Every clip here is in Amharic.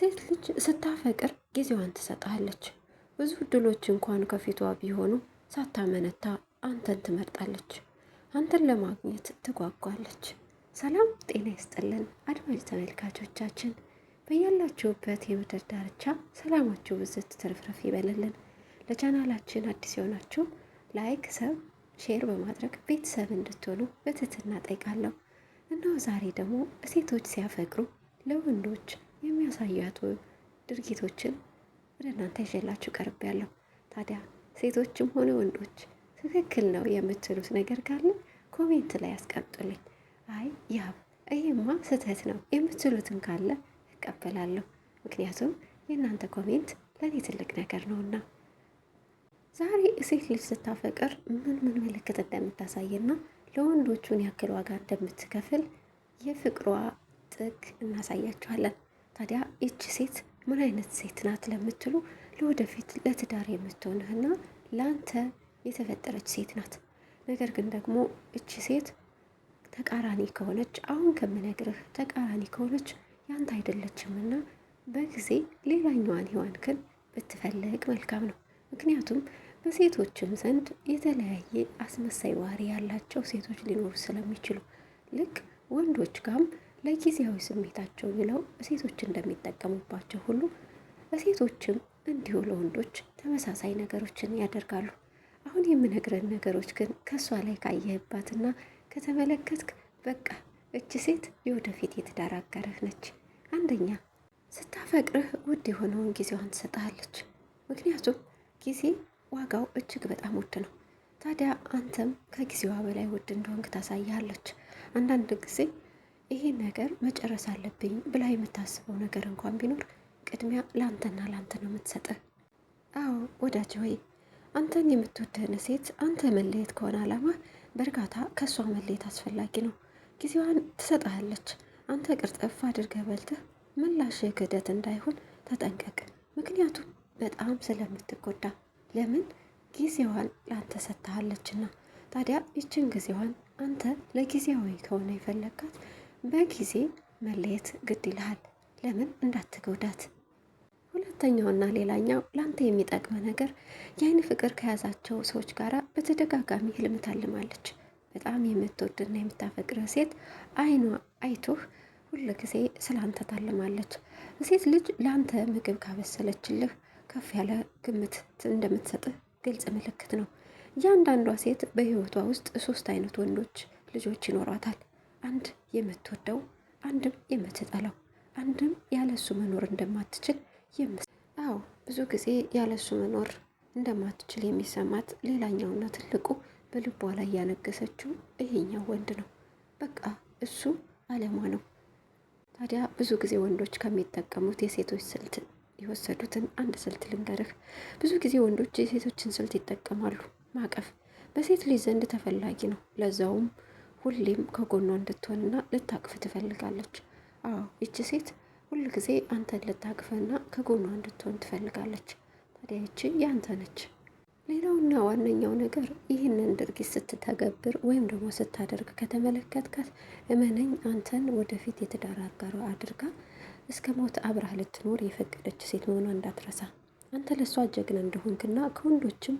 ሴት ልጅ ስታፈቅር ጊዜዋን ትሰጣለች። ብዙ እድሎች እንኳን ከፊቷ ቢሆኑ ሳታመነታ አንተን ትመርጣለች። አንተን ለማግኘት ትጓጓለች። ሰላም ጤና ይስጥልን አድማጭ ተመልካቾቻችን በያላችሁበት የምድር ዳርቻ ሰላማችሁ ብዝት ትርፍርፍ ይበልልን። ለቻናላችን አዲስ የሆናችሁ ላይክ፣ ሰብ፣ ሼር በማድረግ ቤተሰብ እንድትሆኑ በትህትና ጠይቃለሁ። እነሆ ዛሬ ደግሞ ሴቶች ሲያፈቅሩ ለወንዶች የሚያሳያቱ ድርጊቶችን ወደ እናንተ ይዤላችሁ ቀርብ ያለው። ታዲያ ሴቶችም ሆነ ወንዶች ትክክል ነው የምትሉት ነገር ካለ ኮሜንት ላይ ያስቀምጡልኝ። አይ ያብ ይሄማ ስህተት ነው የምትሉትን ካለ እቀበላለሁ። ምክንያቱም የእናንተ ኮሜንት ለእኔ ትልቅ ነገር ነውና ዛሬ ሴት ልጅ ስታፈቅር ምን ምን ምልክት እንደምታሳይና ለወንዶቹን ያክል ዋጋ እንደምትከፍል የፍቅሯ ጥግ እናሳያችኋለን። ታዲያ ይች ሴት ምን አይነት ሴት ናት ለምትሉ ለወደፊት ለትዳር የምትሆንህና ለአንተ የተፈጠረች ሴት ናት። ነገር ግን ደግሞ እቺ ሴት ተቃራኒ ከሆነች አሁን ከምነግርህ ተቃራኒ ከሆነች ያንተ አይደለችምና በጊዜ ሌላኛዋን ሔዋንን ብትፈልግ መልካም ነው። ምክንያቱም በሴቶችም ዘንድ የተለያየ አስመሳይ ባህሪ ያላቸው ሴቶች ሊኖሩ ስለሚችሉ ልክ ወንዶች ጋርም ለጊዜያዊ ስሜታቸው ብለው ሴቶች እንደሚጠቀሙባቸው ሁሉ ሴቶችም እንዲሁ ለወንዶች ተመሳሳይ ነገሮችን ያደርጋሉ። አሁን የምነግረን ነገሮች ግን ከእሷ ላይ ካየህባትና ከተመለከትክ በቃ እች ሴት የወደፊት የትዳር አጋርህ ነች። አንደኛ ስታፈቅርህ ውድ የሆነውን ጊዜዋን ትሰጥሃለች። ምክንያቱም ጊዜ ዋጋው እጅግ በጣም ውድ ነው። ታዲያ አንተም ከጊዜዋ በላይ ውድ እንደሆንክ ታሳያለች። አንዳንድ ጊዜ ይሄ ነገር መጨረስ አለብኝ ብላ የምታስበው ነገር እንኳን ቢኖር ቅድሚያ ለአንተና ለአንተ ነው የምትሰጠ። አዎ ወዳጅ ወይ አንተን የምትወደን ሴት አንተ መለየት ከሆነ አላማ በእርጋታ ከእሷ መለየት አስፈላጊ ነው። ጊዜዋን ትሰጥሃለች። አንተ ቅርጥፍ አድርገህ በልተህ ምላሽ ክህደት እንዳይሆን ተጠንቀቅ። ምክንያቱም በጣም ስለምትጎዳ ለምን ጊዜዋን ለአንተ ሰጥታሃለችና። ታዲያ ይችን ጊዜዋን አንተ ለጊዜያዊ ከሆነ የፈለግካት በጊዜ መለየት ግድ ይልሃል። ለምን እንዳትጎዳት። ሁለተኛውና ሌላኛው ለአንተ የሚጠቅመ ነገር የአይን ፍቅር ከያዛቸው ሰዎች ጋር በተደጋጋሚ ህልም ታልማለች። በጣም የምትወድና የምታፈቅረ ሴት አይኗ አይቶህ ሁሉ ጊዜ ስለ አንተ ታልማለች። ሴት ልጅ ለአንተ ምግብ ካበሰለችልህ ከፍ ያለ ግምት እንደምትሰጥህ ግልጽ ምልክት ነው። እያንዳንዷ ሴት በህይወቷ ውስጥ ሶስት አይነት ወንዶች ልጆች ይኖሯታል። አንድ የምትወደው አንድም የምትጠላው አንድም ያለሱ መኖር እንደማትችል የምስ አዎ ብዙ ጊዜ ያለሱ መኖር እንደማትችል የሚሰማት ሌላኛውና ትልቁ በልቧ ላይ ያነገሰችው ይሄኛው ወንድ ነው። በቃ እሱ አለሟ ነው። ታዲያ ብዙ ጊዜ ወንዶች ከሚጠቀሙት የሴቶች ስልት የወሰዱትን አንድ ስልት ልንገርህ። ብዙ ጊዜ ወንዶች የሴቶችን ስልት ይጠቀማሉ። ማቀፍ በሴት ልጅ ዘንድ ተፈላጊ ነው። ለዛውም ሁሌም ከጎኗ እንድትሆንና ልታቅፍ ትፈልጋለች። አዎ ይቺ ሴት ሁል ጊዜ አንተን ልታቅፍና ከጎኗ እንድትሆን ትፈልጋለች። ታዲያ ይቺ ያንተ ነች። ሌላውና ዋነኛው ነገር ይህንን ድርጊት ስትተገብር ወይም ደግሞ ስታደርግ ከተመለከትካት እመነኝ አንተን ወደፊት የትዳር አድርጋ እስከ ሞት አብራህ ልትኖር የፈቀደች ሴት መሆኗ እንዳትረሳ። አንተ ለእሷ ጀግና እንደሆንክና ከወንዶችም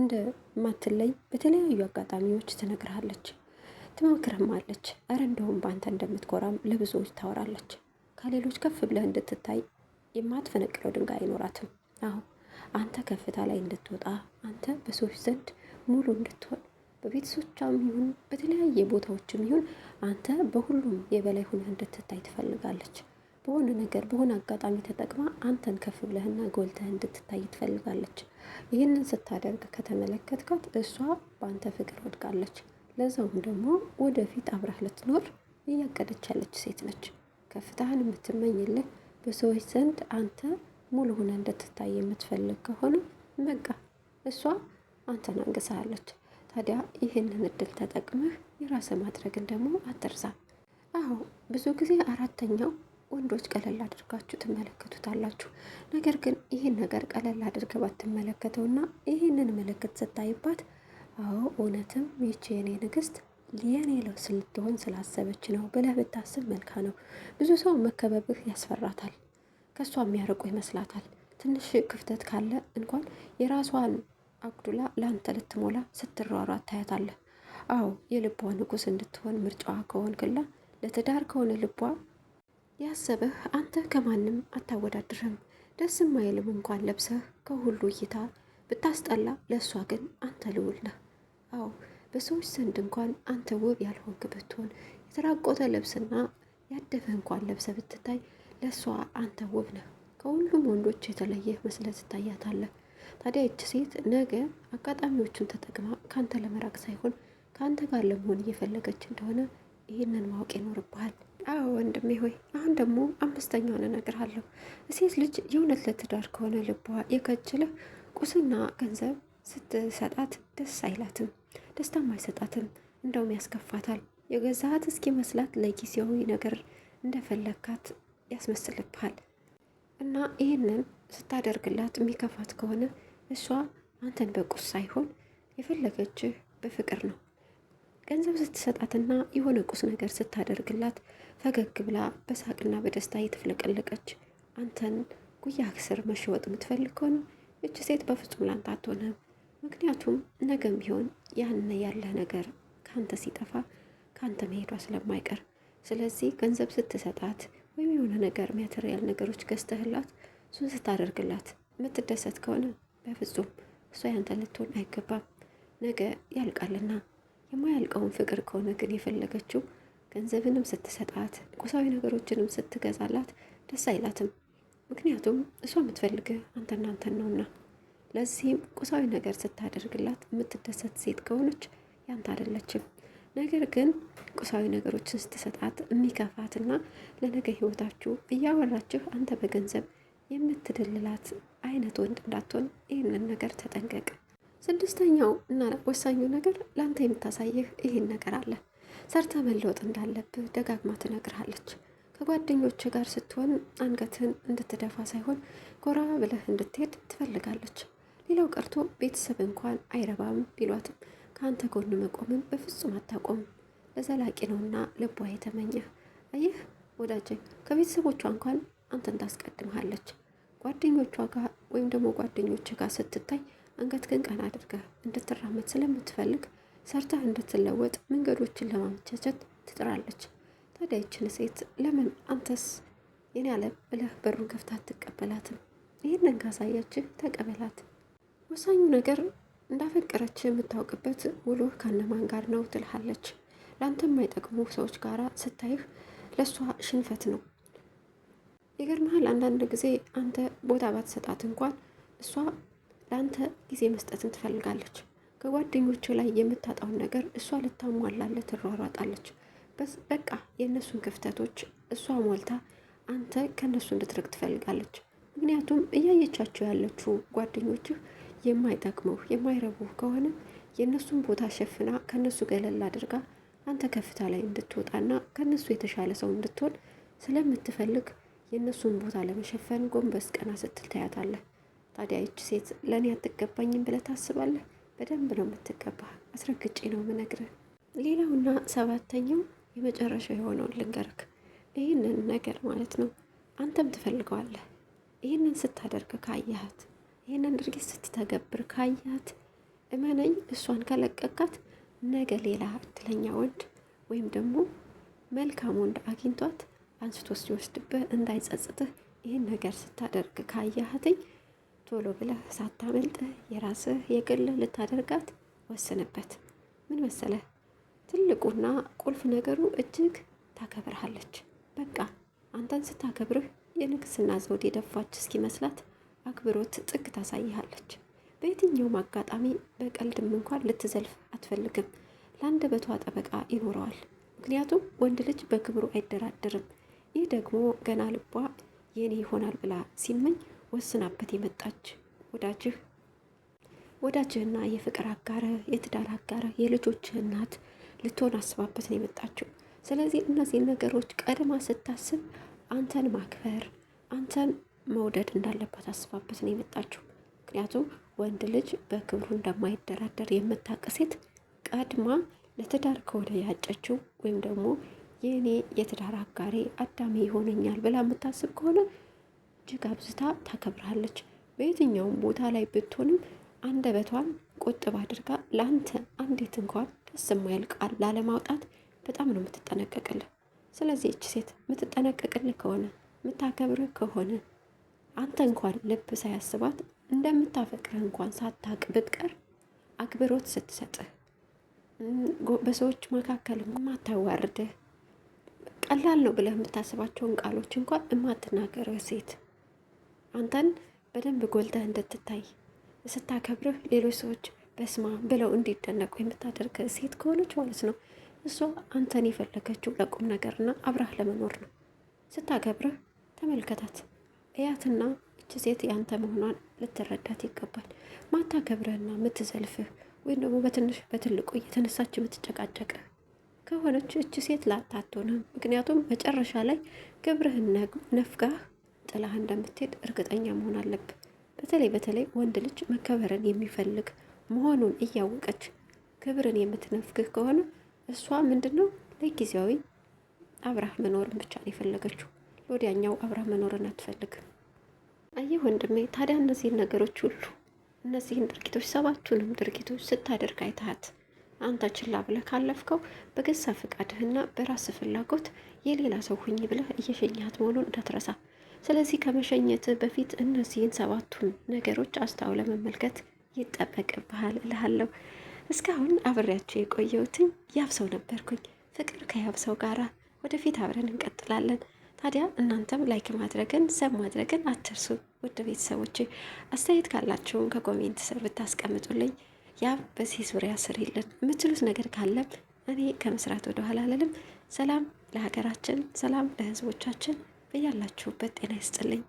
እንደማትለይ በተለያዩ አጋጣሚዎች ትነግርሃለች። ትመክርማለች። እረ እንደውም በአንተ እንደምትኮራም ለብዙዎች ታወራለች። ከሌሎች ከፍ ብለህ እንድትታይ የማትፈነቅለው ድንጋይ አይኖራትም። አሁ አንተ ከፍታ ላይ እንድትወጣ፣ አንተ በሰዎች ዘንድ ሙሉ እንድትሆን፣ በቤተሰቦቿም ይሁን በተለያየ ቦታዎችም ይሁን አንተ በሁሉም የበላይ ሁነህ እንድትታይ ትፈልጋለች። በሆነ ነገር በሆነ አጋጣሚ ተጠቅማ አንተን ከፍ ብለህና ጎልተህ እንድትታይ ትፈልጋለች። ይህንን ስታደርግ ከተመለከትካት እሷ በአንተ ፍቅር ወድቃለች። ለዛውም ደግሞ ወደፊት አብራህ ልትኖር እያቀደች ያለች ሴት ነች። ከፍታህን የምትመኝልህ በሰዎች ዘንድ አንተ ሙሉ ሆነ እንድትታይ የምትፈልግ ከሆነ በቃ እሷ አንተን አንግሳሃለች። ታዲያ ይህንን እድል ተጠቅመህ የራሰ ማድረግን ደግሞ አትርሳ። አዎ ብዙ ጊዜ አራተኛው ወንዶች ቀለል አድርጋችሁ ትመለከቱታላችሁ። ነገር ግን ይህን ነገር ቀለል አድርገህ ባትመለከተውና ይህንን ምልክት ስታይባት አዎ እውነትም ይቺ የኔ ንግስት የኔ ለውስ ልትሆን ስላሰበች ነው ብለህ ብታስብ መልካ ነው። ብዙ ሰው መከበብህ ያስፈራታል፣ ከእሷ የሚያርቁ ይመስላታል። ትንሽ ክፍተት ካለ እንኳን የራሷን አጉድላ ለአንተ ልትሞላ ስትሯሯ ታያታለህ። አዎ የልቧ ንጉስ እንድትሆን ምርጫዋ ከሆንክላ ለትዳር ከሆነ ልቧ ያሰበህ አንተ ከማንም አታወዳድርም። ደስ የማይልም እንኳን ለብሰህ ከሁሉ እይታ ብታስጠላ፣ ለእሷ ግን አንተ ልውል ነህ። አዎ በሰዎች ዘንድ እንኳን አንተ ውብ ያልሆንክ ብትሆን የተራቆተ ልብስና ያደፈ እንኳን ለብሰ ብትታይ ለእሷ አንተ ውብ ነህ፣ ከሁሉም ወንዶች የተለየ መስለ ትታያታለህ። ታዲያ እች ሴት ነገ አጋጣሚዎቹን ተጠቅማ ከአንተ ለመራቅ ሳይሆን ከአንተ ጋር ለመሆን እየፈለገች እንደሆነ ይህንን ማወቅ ይኖርብሃል። አዎ ወንድሜ ሆይ አሁን ደግሞ አምስተኛውን እነግርሃለሁ። ሴት ልጅ የእውነት ለትዳር ከሆነ ልቧ የከጀለ ቁስና ገንዘብ ስትሰጣት ደስ አይላትም፣ ደስታም አይሰጣትም፣ እንደውም ያስከፋታል። የገዛሃት እስኪመስላት ለጊዜያዊ ነገር እንደፈለግካት ያስመስልብሃል። እና ይህንን ስታደርግላት የሚከፋት ከሆነ እሷ አንተን በቁስ ሳይሆን የፈለገችህ በፍቅር ነው። ገንዘብ ስትሰጣትና የሆነ ቁስ ነገር ስታደርግላት ፈገግ ብላ በሳቅና በደስታ የተፍለቀለቀች አንተን ጉያህ ስር መሸወጥ የምትፈልግ ከሆነ እች ሴት በፍጹም ላንተ አትሆንም። ምክንያቱም ነገም ቢሆን ያን ያለህ ነገር ከአንተ ሲጠፋ ከአንተ መሄዷ ስለማይቀር፣ ስለዚህ ገንዘብ ስትሰጣት ወይም የሆነ ነገር ማቴሪያል ነገሮች ገዝተህላት እሱን ስታደርግላት የምትደሰት ከሆነ በፍጹም እሷ ያንተ ልትሆን አይገባም። ነገ ያልቃልና የማያልቀውን ፍቅር ከሆነ ግን የፈለገችው ገንዘብንም ስትሰጣት ቁሳዊ ነገሮችንም ስትገዛላት ደስ አይላትም። ምክንያቱም እሷ የምትፈልግህ አንተና አንተን ነውና። ለዚህም ቁሳዊ ነገር ስታደርግላት የምትደሰት ሴት ከሆነች ያንተ አይደለችም። ነገር ግን ቁሳዊ ነገሮችን ስትሰጣት የሚከፋትና ለነገ ህይወታችሁ እያወራችሁ አንተ በገንዘብ የምትደልላት አይነት ወንድ እንዳትሆን ይህንን ነገር ተጠንቀቅ። ስድስተኛው እና ወሳኙ ነገር ለአንተ የምታሳየህ ይህን ነገር አለ። ሰርተ መለወጥ እንዳለብህ ደጋግማ ትነግርሃለች። ከጓደኞች ጋር ስትሆን አንገትህን እንድትደፋ ሳይሆን ጎራ ብለህ እንድትሄድ ትፈልጋለች። ሌላው ቀርቶ ቤተሰብ እንኳን አይረባም ቢሏትም ከአንተ ጎን መቆምን በፍጹም አታቆም ለዘላቂ ነውና ልቧ የተመኘ ይህ ወዳጄ ከቤተሰቦቿ እንኳን አንተን ታስቀድምሃለች። ጓደኞቿ ጋር ወይም ደግሞ ጓደኞች ጋር ስትታይ ግን ቀና አድርገህ እንድትራመድ ስለምትፈልግ ሰርተህ እንድትለወጥ መንገዶችን ለማመቻቸት ትጥራለች። ታዲያ ይችን ሴት ለምን አንተስ የኔ አለ ብለህ በሩን ከፍታ አትቀበላትም? ይህንን ካሳያችህ ተቀበላት። ወሳኙ ነገር እንዳፈቀረች የምታውቅበት ውሎህ ከነማን ጋር ነው ትልሃለች። ለአንተ የማይጠቅሙ ሰዎች ጋር ስታይህ ለእሷ ሽንፈት ነው። ይገርምሃል፣ አንዳንድ ጊዜ አንተ ቦታ ባትሰጣት እንኳን እሷ ለአንተ ጊዜ መስጠትን ትፈልጋለች። ከጓደኞቹ ላይ የምታጣውን ነገር እሷ ልታሟላለ ትሯሯጣለች። በቃ የእነሱን ክፍተቶች እሷ ሞልታ አንተ ከእነሱ እንድትርቅ ትፈልጋለች። ምክንያቱም እያየቻቸው ያለችው ጓደኞችህ የማይጠቅመው የማይረቡ ከሆነ የእነሱን ቦታ ሸፍና ከእነሱ ገለል አድርጋ አንተ ከፍታ ላይ እንድትወጣና ከእነሱ የተሻለ ሰው እንድትሆን ስለምትፈልግ የእነሱን ቦታ ለመሸፈን ጎንበስ ቀና ስትል ታያታለህ። ታዲያ ይች ሴት ለእኔ አትገባኝም ብለህ ታስባለህ? በደንብ ነው የምትገባ፣ አስረግጬ ነው ምነግርህ። ሌላውና ሰባተኛው የመጨረሻ የሆነውን ልንገርክ። ይህንን ነገር ማለት ነው አንተም ትፈልገዋለህ። ይህንን ስታደርግ ካያህት ይህንን ድርጊት ስትተገብር ካያት እመነኝ፣ እሷን ከለቀቃት ነገ ሌላ እድለኛ ወንድ ወይም ደግሞ መልካም ወንድ አግኝቷት አንስቶ ሲወስድብህ እንዳይጸጽትህ ይህን ነገር ስታደርግ ካያህትኝ ቶሎ ብለህ ሳታመልጥህ የራስህ የግል ልታደርጋት ወስንበት። ምን መሰለህ ትልቁና ቁልፍ ነገሩ እጅግ ታከብርሃለች። በቃ አንተን ስታከብርህ የንግስና ዘውድ የደፋች እስኪመስላት አክብሮት ጥግ ታሳይሃለች። በየትኛውም አጋጣሚ በቀልድም እንኳን ልትዘልፍ አትፈልግም። ለአንደበቷ ጠበቃ ይኖረዋል። ምክንያቱም ወንድ ልጅ በክብሩ አይደራደርም። ይህ ደግሞ ገና ልቧ የኔ ይሆናል ብላ ሲመኝ ወስናበት የመጣች ወዳጅህ ወዳጅህና የፍቅር አጋርህ፣ የትዳር አጋርህ፣ የልጆችህ እናት ልትሆን አስባበት ነው የመጣችው። ስለዚህ እነዚህን ነገሮች ቀድማ ስታስብ አንተን ማክበር አንተን መውደድ እንዳለባት አስባበት ነው የመጣችው። ምክንያቱም ወንድ ልጅ በክብሩ እንደማይደራደር የምታውቅ ሴት ቀድማ ለትዳር ከሆነ ያጨችው ወይም ደግሞ የእኔ የትዳር አጋሬ አዳሜ ይሆነኛል ብላ የምታስብ ከሆነ እጅግ አብዝታ ታከብራለች። በየትኛውም ቦታ ላይ ብትሆንም አንደበቷን ቁጥብ አድርጋ ለአንተ አንዴት እንኳን ደስ የማይል ቃል ላለማውጣት በጣም ነው የምትጠነቀቅልህ። ስለዚህ እች ሴት የምትጠነቀቅልህ ከሆነ የምታከብርህ ከሆነ አንተ እንኳን ልብ ሳያስባት እንደምታፈቅርህ እንኳን ሳታቅ ብትቀር አክብሮት ስትሰጥህ በሰዎች መካከል የማታዋርድህ ቀላል ነው ብለህ የምታስባቸውን ቃሎች እንኳን የማትናገረው ሴት አንተን በደንብ ጎልተህ እንድትታይ ስታከብርህ ሌሎች ሰዎች በስማ ብለው እንዲደነቁ የምታደርግ ሴት ከሆነች ማለት ነው። እሷ አንተን የፈለገችው ለቁም ነገርና አብራህ ለመኖር ነው። ስታከብርህ ተመልከታት። እያትና እች ሴት ያንተ መሆኗን ልትረዳት ይገባል። ማታ ገብረህና የምትዘልፍህ ወይም ደግሞ በትንሽ በትልቁ እየተነሳች የምትጨቃጨቅህ ከሆነች እች ሴት ላንተ ምክንያቱም መጨረሻ ላይ ገብረህን ነፍጋህ ጥላህ እንደምትሄድ እርግጠኛ መሆን አለብ። በተለይ በተለይ ወንድ ልጅ መከበርን የሚፈልግ መሆኑን እያወቀች ክብርን የምትነፍግህ ከሆነ እሷ ምንድን ነው ለጊዜያዊ አብራህ መኖርን ብቻ ነው የፈለገችው። ወዲያኛው አብራ መኖርን አትፈልግም። አየህ ወንድሜ፣ ታዲያ እነዚህን ነገሮች ሁሉ እነዚህን ድርጊቶች ሰባቱንም ድርጊቶች ስታደርግ አይተሃት አንተ ችላ ብለህ ካለፍከው በገዛ ፍቃድህና በራስ ፍላጎት የሌላ ሰው ሁኝ ብለህ እየሸኘሃት መሆኑን እንዳትረሳ። ስለዚህ ከመሸኘትህ በፊት እነዚህን ሰባቱን ነገሮች አስተውለህ መመልከት ይጠበቅብሃል እልሃለሁ። እስካሁን አብሬያቸው የቆየሁትኝ ያብሰው ነበርኩኝ። ፍቅር ከያብሰው ጋራ ወደፊት አብረን እንቀጥላለን። ታዲያ እናንተም ላይክ ማድረግን ሰብ ማድረግን አትርሱ። ውድ ቤተሰቦች አስተያየት ካላችሁን ከኮሜንት ስር ብታስቀምጡልኝ ያ በዚህ ዙሪያ ስር የለን የምትሉት ነገር ካለም እኔ ከመስራት ወደ ኋላ አልልም። ሰላም ለሀገራችን፣ ሰላም ለህዝቦቻችን በያላችሁበት ጤና ይስጥልኝ።